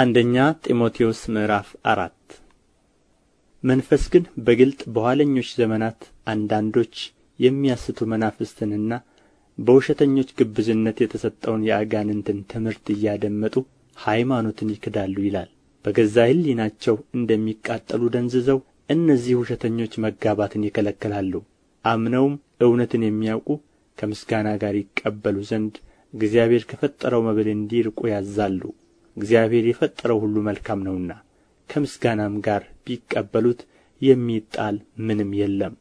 አንደኛ ጢሞቴዎስ ምዕራፍ አራት መንፈስ ግን በግልጥ በኋለኞች ዘመናት አንዳንዶች የሚያስቱ መናፍስትንና በውሸተኞች ግብዝነት የተሰጠውን የአጋንንትን ትምህርት እያደመጡ ሃይማኖትን ይክዳሉ ይላል። በገዛ ሕሊናቸው እንደሚቃጠሉ ደንዝዘው እነዚህ ውሸተኞች መጋባትን ይከለክላሉ። አምነውም እውነትን የሚያውቁ ከምስጋና ጋር ይቀበሉ ዘንድ እግዚአብሔር ከፈጠረው መብል እንዲርቁ ያዛሉ። እግዚአብሔር የፈጠረው ሁሉ መልካም ነውና ከምስጋናም ጋር ቢቀበሉት የሚጣል ምንም የለም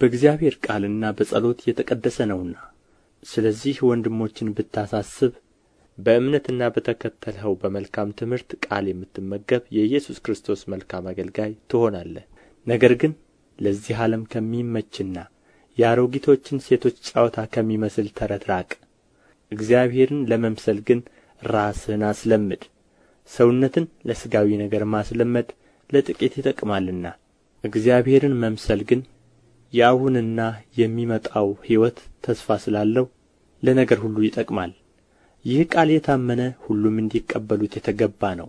በእግዚአብሔር ቃልና በጸሎት የተቀደሰ ነውና ስለዚህ ወንድሞችን ብታሳስብ በእምነትና በተከተልኸው በመልካም ትምህርት ቃል የምትመገብ የኢየሱስ ክርስቶስ መልካም አገልጋይ ትሆናለህ። ነገር ግን ለዚህ ዓለም ከሚመችና የአሮጊቶችን ሴቶች ጨዋታ ከሚመስል ተረት ራቅ። እግዚአብሔርን ለመምሰል ግን ራስህን አስለምድ ሰውነትን ለሥጋዊ ነገር ማስለመድ ለጥቂት ይጠቅማልና እግዚአብሔርን መምሰል ግን የአሁንና የሚመጣው ሕይወት ተስፋ ስላለው ለነገር ሁሉ ይጠቅማል ይህ ቃል የታመነ ሁሉም እንዲቀበሉት የተገባ ነው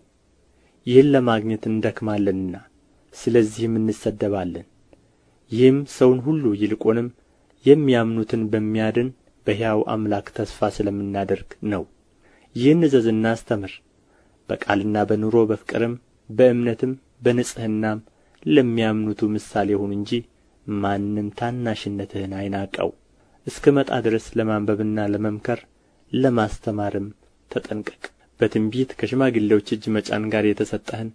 ይህን ለማግኘት እንደክማለንና ስለዚህም እንሰደባለን ይህም ሰውን ሁሉ ይልቁንም የሚያምኑትን በሚያድን በሕያው አምላክ ተስፋ ስለምናደርግ ነው ይህን እዘዝና አስተምር በቃልና በኑሮ በፍቅርም በእምነትም በንጽሕናም ለሚያምኑቱ ምሳሌ ሁን እንጂ ማንም ታናሽነትህን አይናቀው እስክመጣ ድረስ ለማንበብና ለመምከር ለማስተማርም ተጠንቀቅ በትንቢት ከሽማግሌዎች እጅ መጫን ጋር የተሰጠህን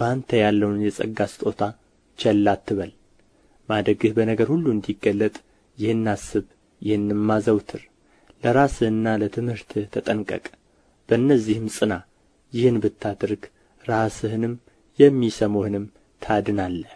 በአንተ ያለውን የጸጋ ስጦታ ቸላ አትበል ማደግህ በነገር ሁሉ እንዲገለጥ ይህን አስብ ይህንም አዘውትር ለራስህና ለትምህርትህ ተጠንቀቅ በእነዚህም ጽና ይህን ብታደርግ ራስህንም የሚሰሙህንም ታድናለህ